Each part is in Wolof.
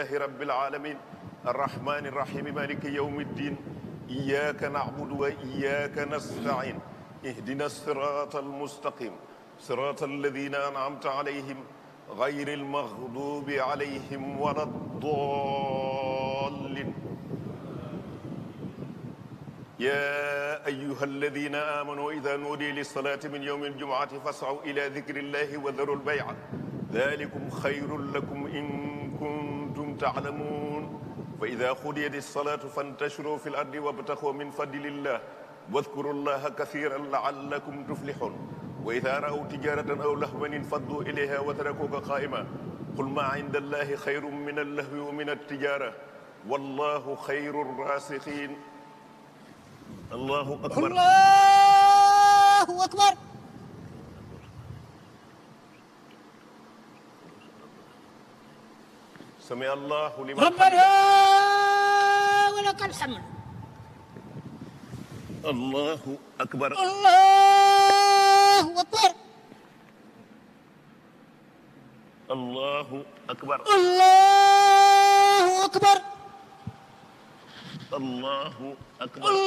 alhamdulilahi rabbil alamin arrahmani irrahimi maliki yawmi ddin iyyaka na'budu wa iyyaka nasta'in ihdina sirata almustaqim sirata alladina an'amta alayhim غير المغضوب عليهم ولا الضالين يا أيها الذين آمنوا إذا نودي للصلاة من يوم الجمعة فاسعوا إلى ذكر الله وذروا البيع ذلكم خير لكم إن كنتم تعلمون فإذا قضيت الصلاة فانتشروا في الأرض وابتغوا من فضل الله واذكروا الله كثيرا لعلكم تفلحون وإذا رأوا تجارة أو لهوا انفضوا إليها وتركوك قائما قل ما عند الله خير من اللهو ومن التجارة والله خير الراسخين الله أكبر الله أكبر سمع الله لمن ربنا ولك الحمد الله أكبر الله أكبر الله أكبر الله أكبر الله أكبر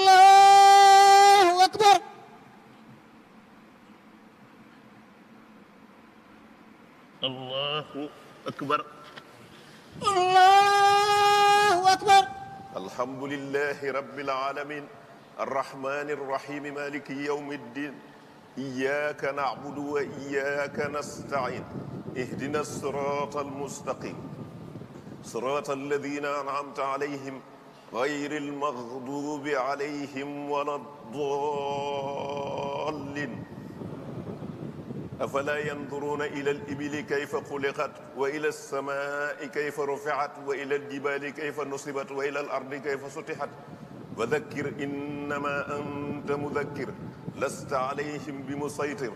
الله أكبر الله أكبر allahu akbar alhamdulillahi rabbil alamin arrahmani rrahimi maliki yawmi ddin iyyaka na'budu wa iyyaka nasta'in ihdina as-sirata al-mustaqim sirata alladhina an'amta alayhim غير المغضوب عليهم ولا الضالين afalaa yanduruuna ila al-ibili kayfa xuliqat wa ila as-samaai kayfa rufiat wa ila al-jibaali kayfa nusibat wa ila al-ardi kayfa sutihat wa dakkir innama anta mudakkir lasta alayhim bi musaytir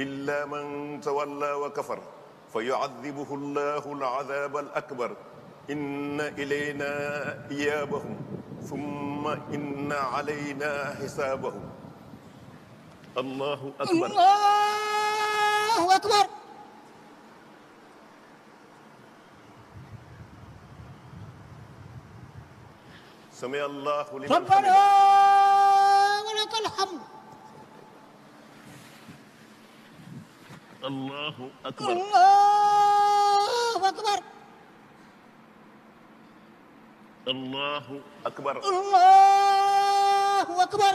illa man tawalla wa kafar fa yuadibuhu llahu al-adaaba al-akbar inna ilayna iyaabahum summa inna alayna xisaabahum allahu akbar الله أكبر سمع الله لمن ربنا ولك الحمد الله أكبر الله أكبر الله أكبر الله أكبر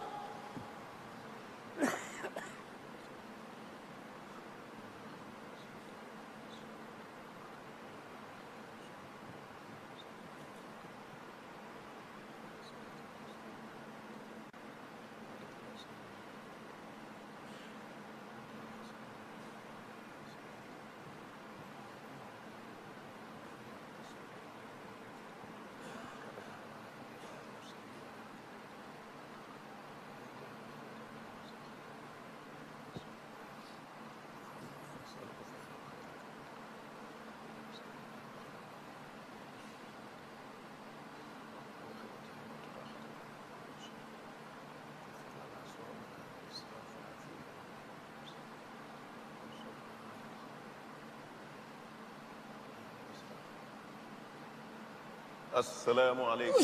assalaamu aleykum.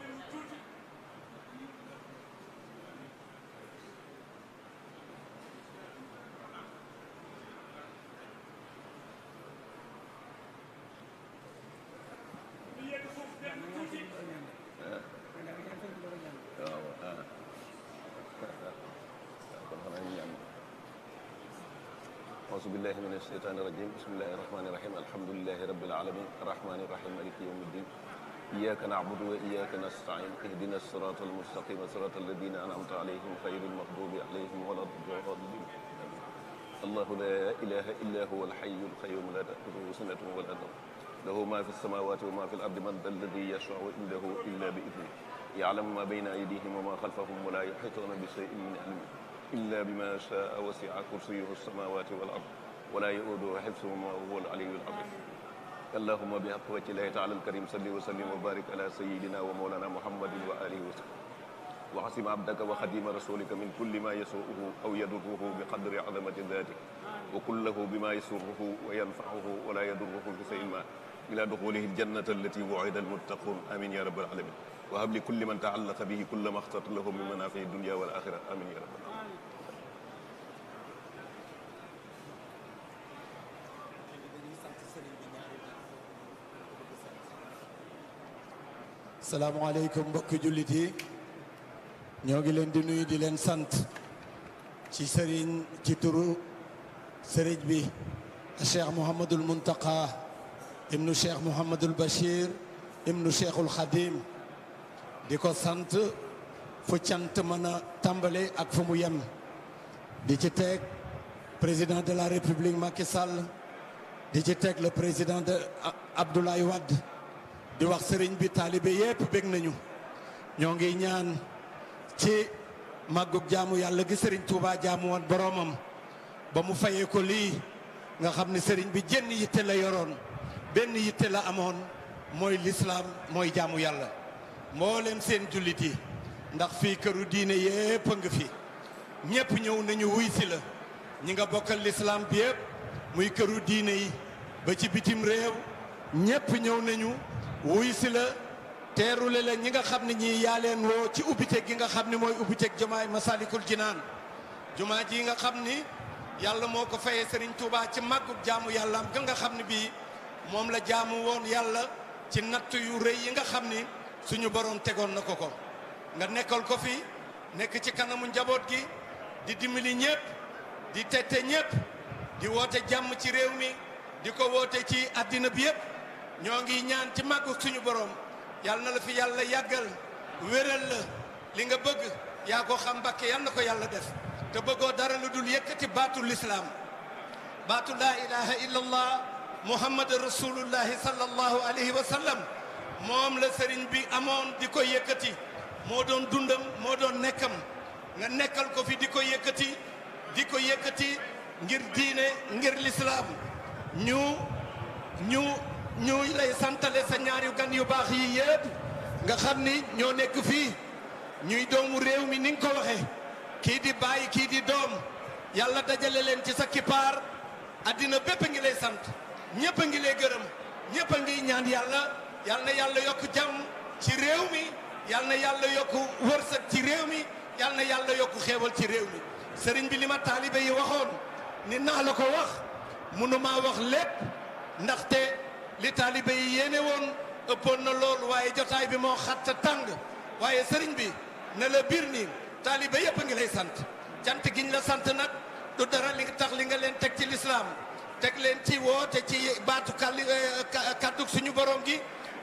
أعوذ بالله من الشيطان الرجيم بسم الله الرحمن الرحيم الحمد لله رب العالمين الرحمن الرحيم مالك يوم الدين إياك نعبد وإياك نستعين اهدنا الصراط المستقيم صراط الذين أنعمت عليهم غير المغضوب عليهم ولا الضالين الله لا إله إلا هو الحي القيوم لا تأخذه سنة ولا نوم له ما في السماوات وما في الأرض من ذا الذي يشفع عنده إلا بإذنه يعلم ما بين أيديهم وما خلفهم ولا يحيطون بشيء من علمه illa bima shaa wasi'a kursiyuhu as-samawati wal ard wa laa ya'uduhu hifzuhumaa wa huwa al-'aliyyul 'aziim allahumma bi haqqi wajhillahi ta'ala al-karim salli wa sallim wa barik ala sayyidina wa mawlana muhammadin wa alihi wa sahbihi wa xasim abdaka wa xadima rasulika min kulli ma yasuuhu aw yadurruhu bi qadri azamati datik wa kullahu bima yasurruhu wa yanfaxuhu wala yadurruhu bi sayin ma ila duxulihi aljannata allati wu'ida almuttaqun amin ya rabbal alamin wa habli kulli man taallaqa bihi kulla maxtat lahu min manaafi'i dunya wal axira amin ya rabbal alamin asalaamualeykum mbokki jullit yi ñoo ngi leen di nuyu di leen sant ci sëriñ ci turu sëriñ bi cheikh mouhamadul muntaqa ibnu cheikh mouhamadul bachir ibnu cheikhul xadim di ko sant fu cant mën a tàmbale ak fu mu yem di ci teg président de la république Macky di ci teg le président de Abdoulaye Wade di wax sëriñ bi taalibe yépp bég nañu ñoo ngi ñaan ci màggug jaamu yàlla gi sëriñ Touba jaamu woon boroomam ba mu fayee ko lii nga xam ni sëriñ bi jenn yitte la yoroon benn yitte la amoon mooy lislaam mooy jaamu yàlla mboolem seen jullit yi ndax fii këru diine yépp a nga fi ñépp ñëw nañu wuy si la ñi nga bokkal lislaam bi yépp muy këru diine yi ba ci bitim réew ñépp ñëw nañu wuy si la teerule la ñi nga xam ne ñii yaa leen woo ci ubbiteeg gi nga xam ne mooy ubbiteeg jumaay Masalikul Jinaan jumaa ji nga xam ni yàlla moo ko fayee Serigne Touba ci màggug jaamu yàllaam ga nga xam ne bii moom la jaamu woon yàlla ci natt yu rëy yi nga xam ni suñu borom tegoon na ko ko nga nekkal ko fi nekk ci kanamu njaboot gi di dimbali ñëpp di tette ñëpp di woote jàmm ci réew mi di ko woote ci àddina bi yëpp. ñoo ngi ñaan ci màggu suñu borom yàlla na la fi yàlla yàggal wéral la li nga bëgg yaa ko xam Mbàkke yàlla na ko yàlla def te bëggoo dara lu dul yëkkati baatu lislaam baatu laa ilaha illallah muhammad rasulullahi sallallahu alayhi wa sallam moom la sëriñ bi amoon di ko yëkkati moo doon dundam moo doon nekkam nga nekkal ko fi di ko yëkkati di ko yëkkati ngir diine ngir lislaam ñu ñu ñuy lay santale sa ñaari gan yu baax yi yëpp nga xam ni ñoo nekk fii ñuy doomu réew mi ni nga ko waxee kii di bàyyi kii di doom yàlla dajale leen ci sa kippaar àddina bépp a ngi lay sant ñëpp a ngi lay gërëm ñëpp a ngi ñaan yàlla yal na yàlla yokk jàmm ci réew mi yal na yàlla yokk wërsëg ci réew mi yal na yàlla yokk xéewal ci réew mi sëriñ bi li ma taalibe yi waxoon ni naa la ko wax mënumaa wax lépp ndaxte li taalibe yi yéene woon ëppoon na lool waaye jotaay bi moo xatta tàng waaye sëriñ bi na la biir nii taalibe yëpp a ngi lay sant cant giñ la sant nag du dara li tax li nga leen teg ci lislaam teg leen ci woote ci baatu kàlli eh, kàddu suñu borom gi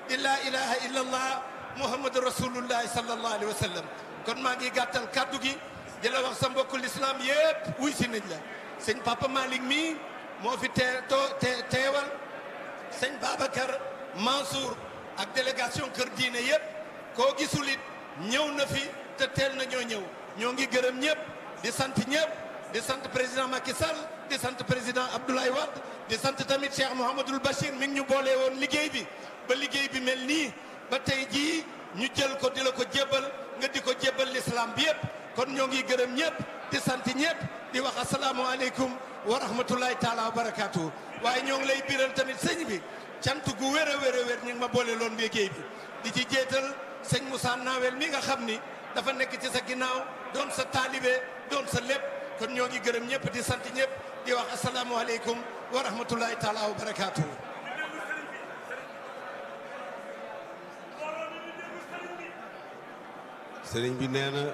di laa ilaha illa allah muhammadu rasulullahi sallallahu alayhi kon maa ngi gàttal kàddu gi di la wax sa mbokku lislaam yëpp wuy si nañ la sëñ papa Malick mii moo fi tee too teewal sëñ Babacar Mansour ak délégation kër diine yëpp koo gisulit ñëw na fi te teel na ñoo ñëw ñoo ngi gërëm ñëpp di sant ñëpp di sant président Macky Sall di sant président Abdoulaye Wade di sant tamit Cheikh Mouhamadoul Bachir mi ngi ñu boolee woon liggéey bi ba liggéey bi mel nii ba tey jii ñu jël ko di la ko jébbal nga di ko jébbal l'islam bi yëpp kon ñoo ngi gërëm ñëpp di sant ñëpp di wax aleykum wa rahmatulahi taala wa barakaatu waaye ñoo ngi lay biral tamit sëñ bi cant gu wér a wér a ñu ngi ma boole loon mbéykey bi di ci jéetal sëñ Moussa Nawel mii nga xam ni dafa nekk ci sa ginnaaw doon sa taalibe doon sa lépp kon ñoo ngi gërëm ñëpp di sant ñëpp di wax asalaamualeykum wa rahmatulahi taala barakaatu. sëriñ bi nee na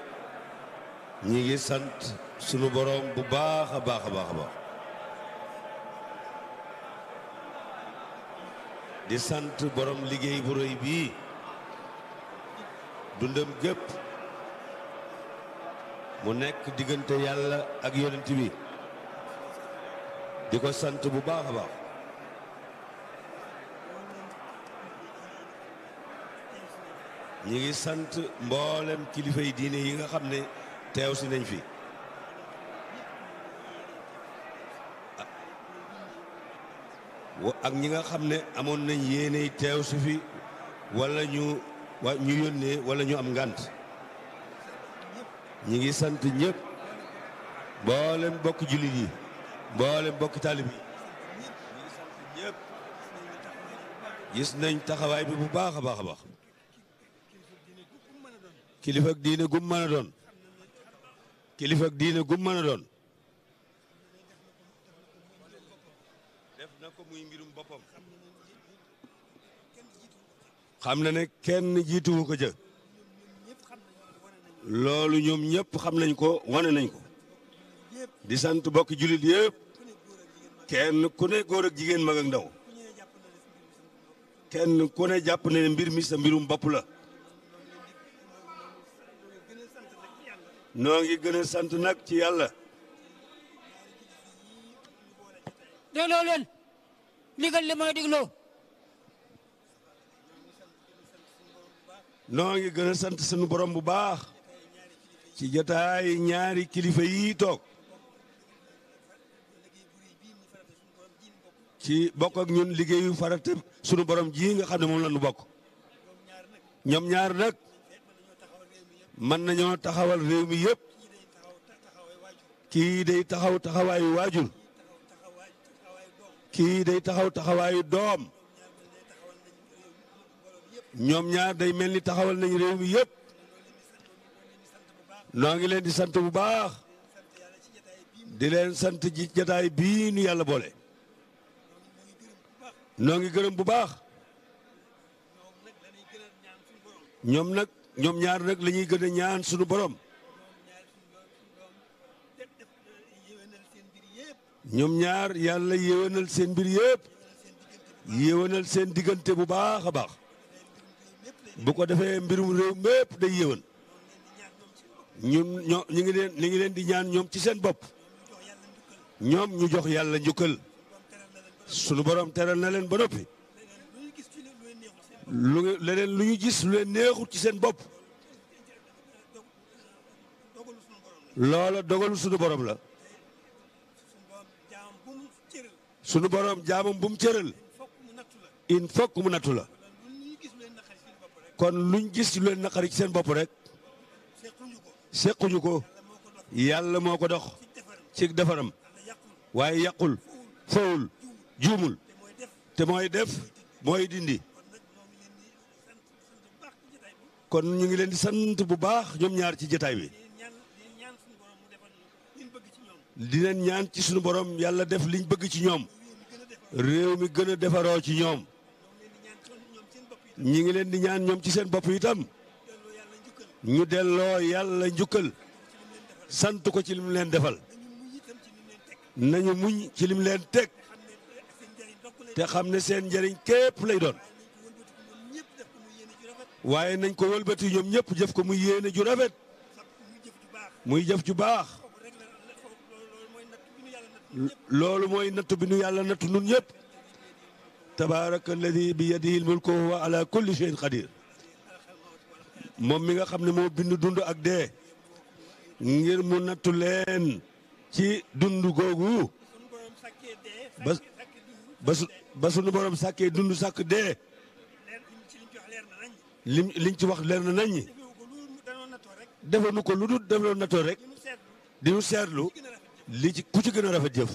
ñi ngi sant sunu boroom bu baax a baax a baax a baax. di sant borom liggéey bu rëy bii dundam gépp mu nekk diggante yàlla ak yonent bi di ko sant bu baax a baax ngi sant mboolem kilifay diine yi nga xam ne teew si nañ fi ak ñi nga xam ne amoon nañ yéeney teew si fi wala ñu wa ñu yónnee wala ñu am ngànt ñi ngi sant ñépp mboolem bokk jullit yi mboolem bokk taalib yi gis nañ taxawaay bi bu baax a baax a baax kilifa diine gum a doon kilifa ak diine gum a doon muy mbirum boppam xam na ne kenn jiituwu ko jë loolu ñoom ñëpp xam nañ ko wane nañ ko di sant bokk jullit yépp kenn ku ne góor ak jigéen mag ndaw kenn ku ne jàpp na ne mbir mi sa mbirum bopp la noo ngi gën sant nag ci yàlla dégloo ndigal li mooy digloo noo ngi gën a sant sunu borom bu baax ci jotaay ñaari kilifa yi toog ci bokk ak ñun liggéeyu farata sunu borom ji nga xam ne moom la ñu bokk ñoom ñaar nag mën nañoo taxawal réew mi yépp kii day taxaw taxawaayu waajur kii day taxaw taxawaayu doom ñoom ñaar day mel ni taxawal nañu réew mi yëpp noo ngi leen di sant bu baax di leen sant ji jataay bii nu yàlla boole noo ngi gërëm bu baax ñoom nag ñoom ñaar nag la ñuy gën a ñaan suñu borom ñoom ñaar yàlla yéwénal seen mbir yëpp yéwénal seen diggante bu baax a baax bu ko defee mbirum réew mépp day yéwén ñun ñoo ñu ngi leen ñu ngi leen di ñaan ñoom ci seen bopp ñoom ñu jox yàlla njukkal sunu borom teral na leen ba noppi lu leneen lu ñu gis lu leen neexut ci seen bopp loola dogalu sunu borom la sunu boroom jaamam bu mu cëral in fokk mu nattu la kon luñ gis lu leen naqari ci seen bopp rek sequñu ko yàlla moo ko dox ci defaram waaye yàqul fowul juumul te mooy def mooy dindi kon ñu ngi leen di sant bu baax ñoom ñaar ci jataay bi di leen ñaan ci sunu borom yàlla def liñ bëgg ci ñoom réew mi gën a defaroo ci ñoom ñi ngi leen di ñaan ñoom ci seen bopp itam ñu delloo yàlla njukkal sant ko ci lim leen defal nañu muñ ci lim leen teg te xam ne seen njëriñ képp lay doon waaye nañ ko wëlbati ñoom ñëpp jëf ko muy yéene ju rafet muy jëf ju baax loolu mooy nattu bi nu yàlla nattu nun ñëpp tabaraka alladi bi yadihi lmulku wa huwa ala kulli shay'in qadir moom mi nga xam ne moo bind dund ak dee ngir mu nattu leen ci dund googu ba ba sunu borom sàkkee dund sàkk dee lim liñ ci wax leer na nañ defe ko lu dul def nattoo rek di seetlu li ci ku ci gën a rafet jëf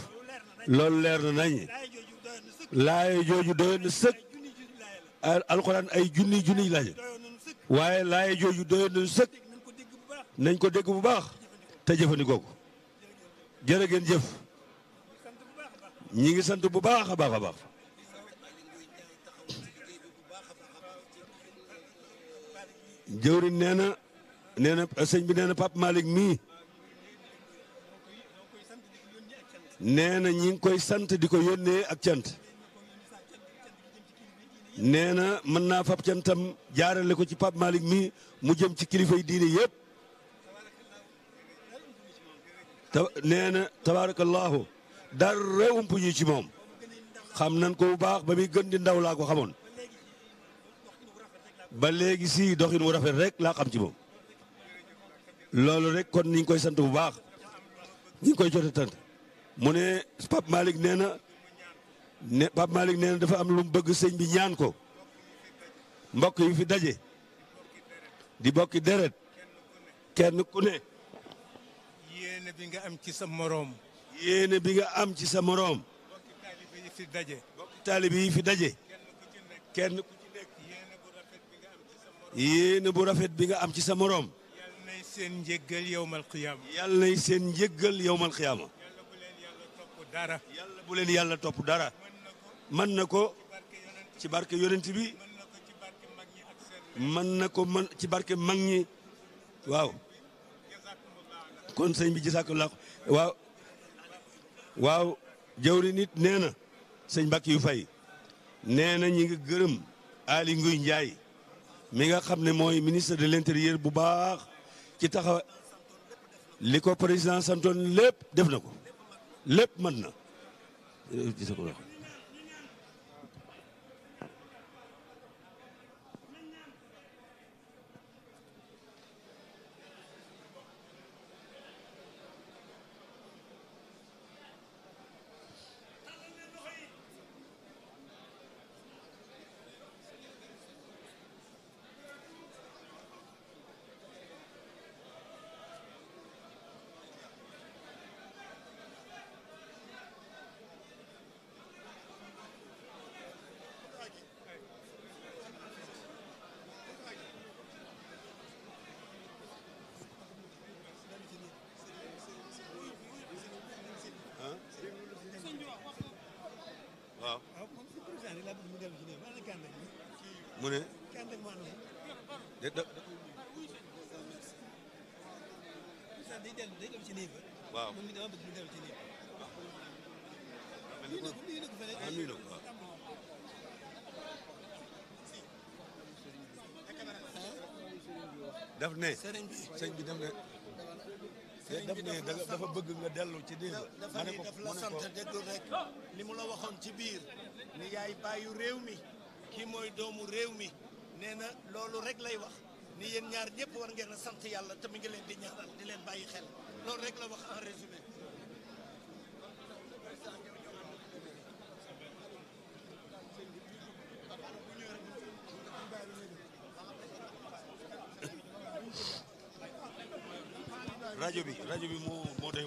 loolu leer na nañ laay jooju doyoon na sëkk alxuraan ay junniy junniy laaj waaye laay jooju doyoon na sëkk nañ ko dégg bu baax te jëfandikoo ko jërë jëf ñi ngi sant bu baax a baax a baax. jëwriñ nee na nee na sëñ bi nee na Pape Malick mii. nee na ñi ngi koy sant di ko yónnee ak cant nee na mën naa fab cantam jaarale ko ci Pape Malick mi mu jëm ci kilifay diine yëpp ta na tabaarakallaahu dara ump ñu ci moom xam nan ko bu baax ba muy gën di ndaw laa ko xamoon ba léegi si doxin wu rafet rek laa xam ci moom loolu rek kon niñ koy sant bu baax ñu koy jote tant mu ne Pape Malick nee na ne Pape dafa am lu bëgg sëñ bi ñaan ko mbokk yi fi daje di bokki deret kenn ku ne yéene bi nga am ci sa moroom yéene bi nga am ci sa moroom bokki taalibe yi fi daje kenn ku ci nekk yéene bu rafet bi nga am ci sa moroom yal nay seen njëggal yowmal xiyaama yal seen njëggal yowmal xiyaama dara yàlla bu leen yàlla topp dara mën na ko ci barke yonent bi man na ko mën ci barke mag ñi waaw kon sëñ bi gisaako laa waaw waaw jawri nit nee na sëñ Mbàkke yu fay nee na ñi ngi gërëm Aly nguy njaay mi nga xam ne mooy ministre de l'intérieur bu baax ci taxaw li ko président santoon lépp def na ko lépp mën na mu ne waaw ah, daf ne sëñ bi daf ne daf ne dafa bëgg nga dellu ci néeg ma ne ko daf la sant déglu rek li mu la waxoon ci biir ni baayu bàyyu réew mi kii mooy doomu réew mi nee na loolu rek lay wax ni ñaar ñëpp war ngeen sant yàlla te ngi leen di ñaanal di leen bàyyi xel loolu rek la wax en résumé. bi rajo bi moo moo doy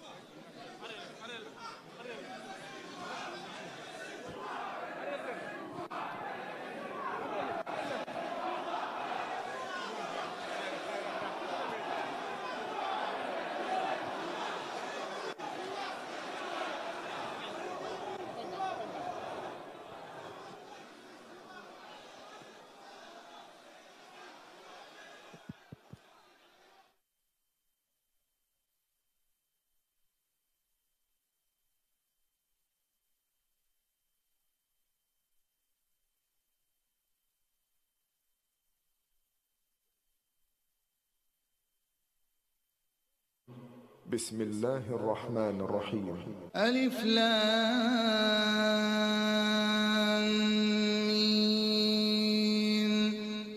بسم الله الرحمن الرحيم ألف لام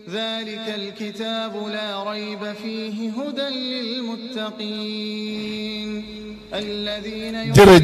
ذلك الكتاب لا ريب فيه هدى للمتقين الذين